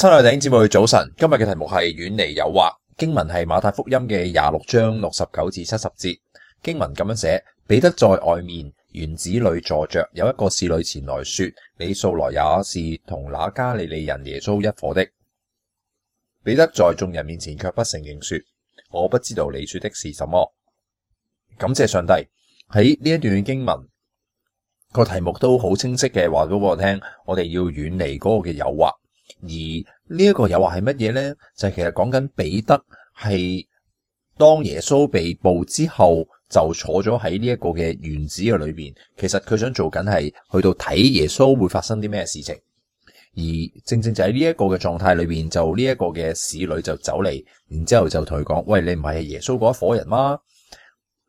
親愛弟兄姊妹早晨，今日嘅題目係遠離誘惑，經文係馬太福音嘅廿六章六十九至七十節。經文咁樣寫：彼得在外面院子裡坐着，有一個使女前來說：你素來也是同那加利利人耶穌一伙的。彼得在眾人面前卻不承認，說：我不知道你說的是什麼。感謝上帝喺呢一段經文個題目都好清晰嘅，話咗俾我聽，我哋要遠離嗰個嘅誘惑。而呢一個誘惑係乜嘢呢？就係、是、其實講緊彼得係當耶穌被捕之後，就坐咗喺呢一個嘅院子嘅裏邊。其實佢想做緊係去到睇耶穌會發生啲咩事情。而正正就喺呢一個嘅狀態裏邊，就呢一個嘅使女就走嚟，然之後就同佢講：喂，你唔係耶穌嗰一夥人嗎？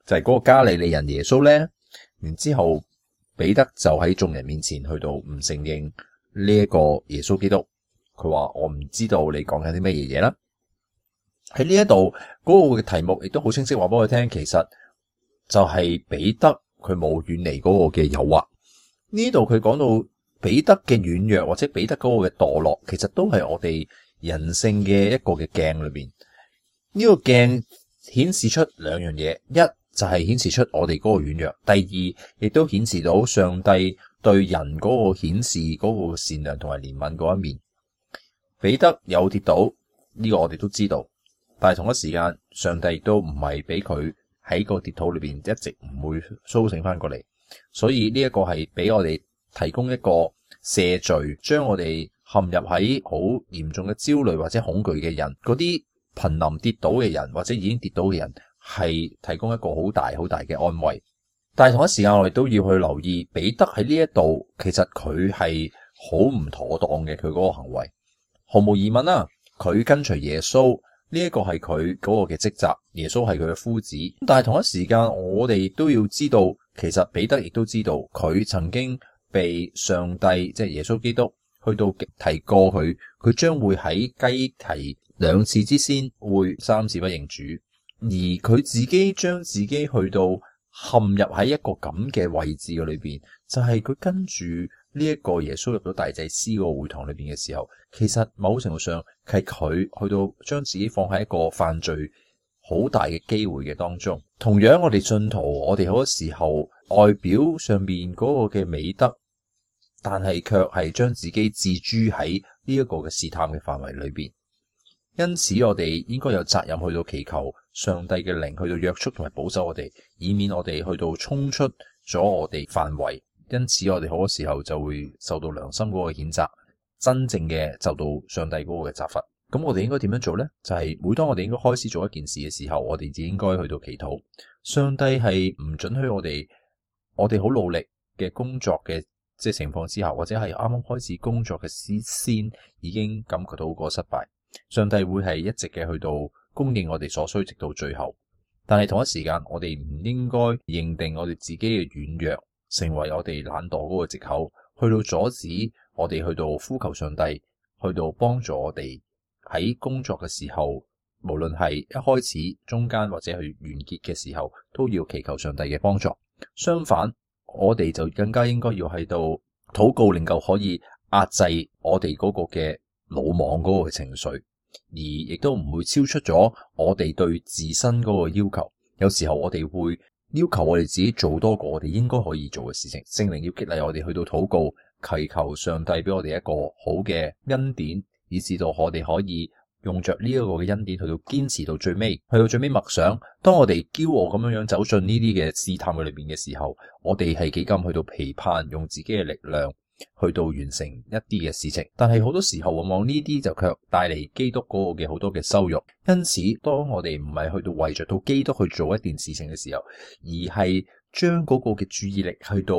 就係、是、嗰個加利利人耶穌呢。」然之後彼得就喺眾人面前去到唔承認呢一個耶穌基督。佢話我唔知道你講緊啲乜嘢嘢啦。喺呢一度嗰個嘅題目亦都好清晰話俾佢聽，其實就係彼得佢冇遠離嗰個嘅誘惑。呢度佢講到彼得嘅軟弱或者彼得嗰個嘅墮落，其實都係我哋人性嘅一個嘅鏡裏邊。呢個鏡顯示出兩樣嘢，一就係顯示出我哋嗰個軟弱，第二亦都顯示到上帝對人嗰個顯示嗰個善良同埋憐憫嗰一面。彼得有跌倒，呢個我哋都知道，但係同一時間，上帝都唔係俾佢喺個跌倒裏邊一直唔會蘇醒翻過嚟，所以呢一個係俾我哋提供一個赦罪，將我哋陷入喺好嚴重嘅焦慮或者恐懼嘅人，嗰啲瀕臨跌倒嘅人或者已經跌倒嘅人，係提供一個好大好大嘅安慰。但係同一時間，我哋都要去留意彼得喺呢一度，其實佢係好唔妥當嘅，佢嗰個行為。毫無疑問啦，佢跟隨耶穌呢一、這個係佢嗰個嘅職責，耶穌係佢嘅夫子。但係同一時間，我哋都要知道，其實彼得亦都知道，佢曾經被上帝即係、就是、耶穌基督去到提過佢，佢將會喺雞啼兩次之先會三次不認主，而佢自己將自己去到陷入喺一個咁嘅位置嘅裏邊，就係、是、佢跟住。呢一個耶穌入到大祭司個會堂裏邊嘅時候，其實某程度上係佢去到將自己放喺一個犯罪好大嘅機會嘅當中。同樣，我哋信徒，我哋好多時候外表上面嗰個嘅美德，但係卻係將自己置諸喺呢一個嘅試探嘅範圍裏邊。因此，我哋應該有責任去到祈求上帝嘅靈去到約束同埋保守我哋，以免我哋去到衝出咗我哋範圍。因此，我哋好多時候就會受到良心嗰個譴責，真正嘅受到上帝嗰個嘅責罰。咁我哋應該點樣做呢？就係每當我哋應該開始做一件事嘅時候，我哋就應該去到祈禱。上帝係唔准許我哋，我哋好努力嘅工作嘅即情況之下，或者係啱啱開始工作嘅時先已經感覺到個失敗。上帝會係一直嘅去到供應我哋所需，直到最後。但係同一時間，我哋唔應該認定我哋自己嘅軟弱。成為我哋懶惰嗰個借口，去到阻止我哋去到呼求上帝，去到幫助我哋喺工作嘅時候，無論係一開始、中間或者係完結嘅時候，都要祈求上帝嘅幫助。相反，我哋就更加應該要喺度禱告，令夠可以壓制我哋嗰個嘅魯莽嗰個情緒，而亦都唔會超出咗我哋對自身嗰個要求。有時候我哋會，要求我哋自己做多過我哋應該可以做嘅事情，聖靈要激勵我哋去到禱告，祈求上帝俾我哋一個好嘅恩典，以至到我哋可以用着呢一個嘅恩典去到堅持到最尾，去到最尾默想。當我哋驕傲咁樣樣走進呢啲嘅試探嘅裏邊嘅時候，我哋係幾咁去到期盼用自己嘅力量。去到完成一啲嘅事情，但係好多時候往往呢啲就卻帶嚟基督嗰個嘅好多嘅羞辱。因此，當我哋唔係去到為着到基督去做一件事情嘅時候，而係將嗰個嘅注意力去到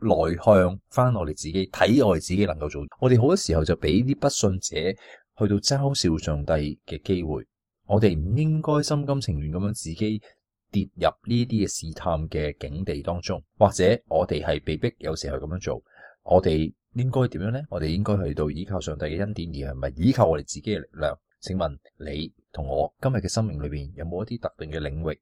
內向翻我哋自己睇，我哋自己能夠做，我哋好多時候就俾啲不信者去到嘲笑上帝嘅機會。我哋唔應該心甘情願咁樣自己跌入呢啲嘅試探嘅境地當中，或者我哋係被逼有時候咁樣做。我哋應該點樣呢？我哋應該去到依靠上帝嘅恩典，而唔係依靠我哋自己嘅力量。請問你同我今日嘅生命裏邊有冇一啲特定嘅領域，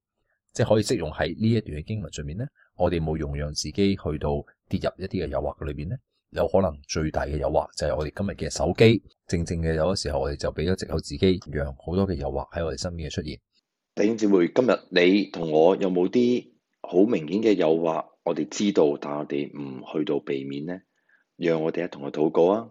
即係可以適用喺呢一段嘅經文上面呢？我哋冇容讓自己去到跌入一啲嘅誘惑嘅裏邊呢。有可能最大嘅誘惑就係我哋今日嘅手機。正正嘅有嘅時候，我哋就俾咗借口自己，讓好多嘅誘惑喺我哋身邊嘅出現。弟兄姊妹，今日你同我有冇啲好明顯嘅誘惑？我哋知道，但我哋唔去到避免呢。讓我哋一同去禱告啊！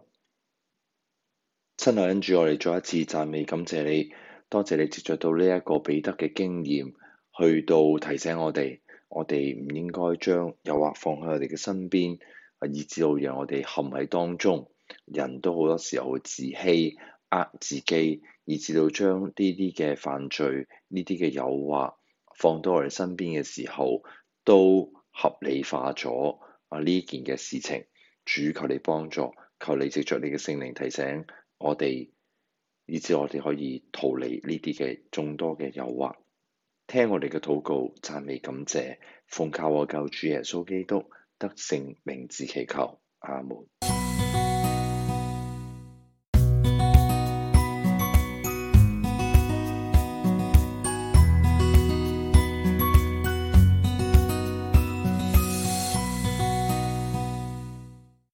親愛嘅主，我哋再一次讚美感謝你，多謝你接觸到呢一個彼得嘅經驗，去到提醒我哋，我哋唔應該將誘惑放喺我哋嘅身邊，啊，以至到讓我哋陷喺當中。人都好多時候會自欺、呃自己，以至到將呢啲嘅犯罪、呢啲嘅誘惑放到我哋身邊嘅時候，都合理化咗啊呢件嘅事情。主求你幫助，求你藉着你嘅聖靈提醒我哋，以至我哋可以逃離呢啲嘅眾多嘅誘惑。聽我哋嘅禱告，讚美感謝，奉靠我救主耶穌基督得勝名字祈求，阿門。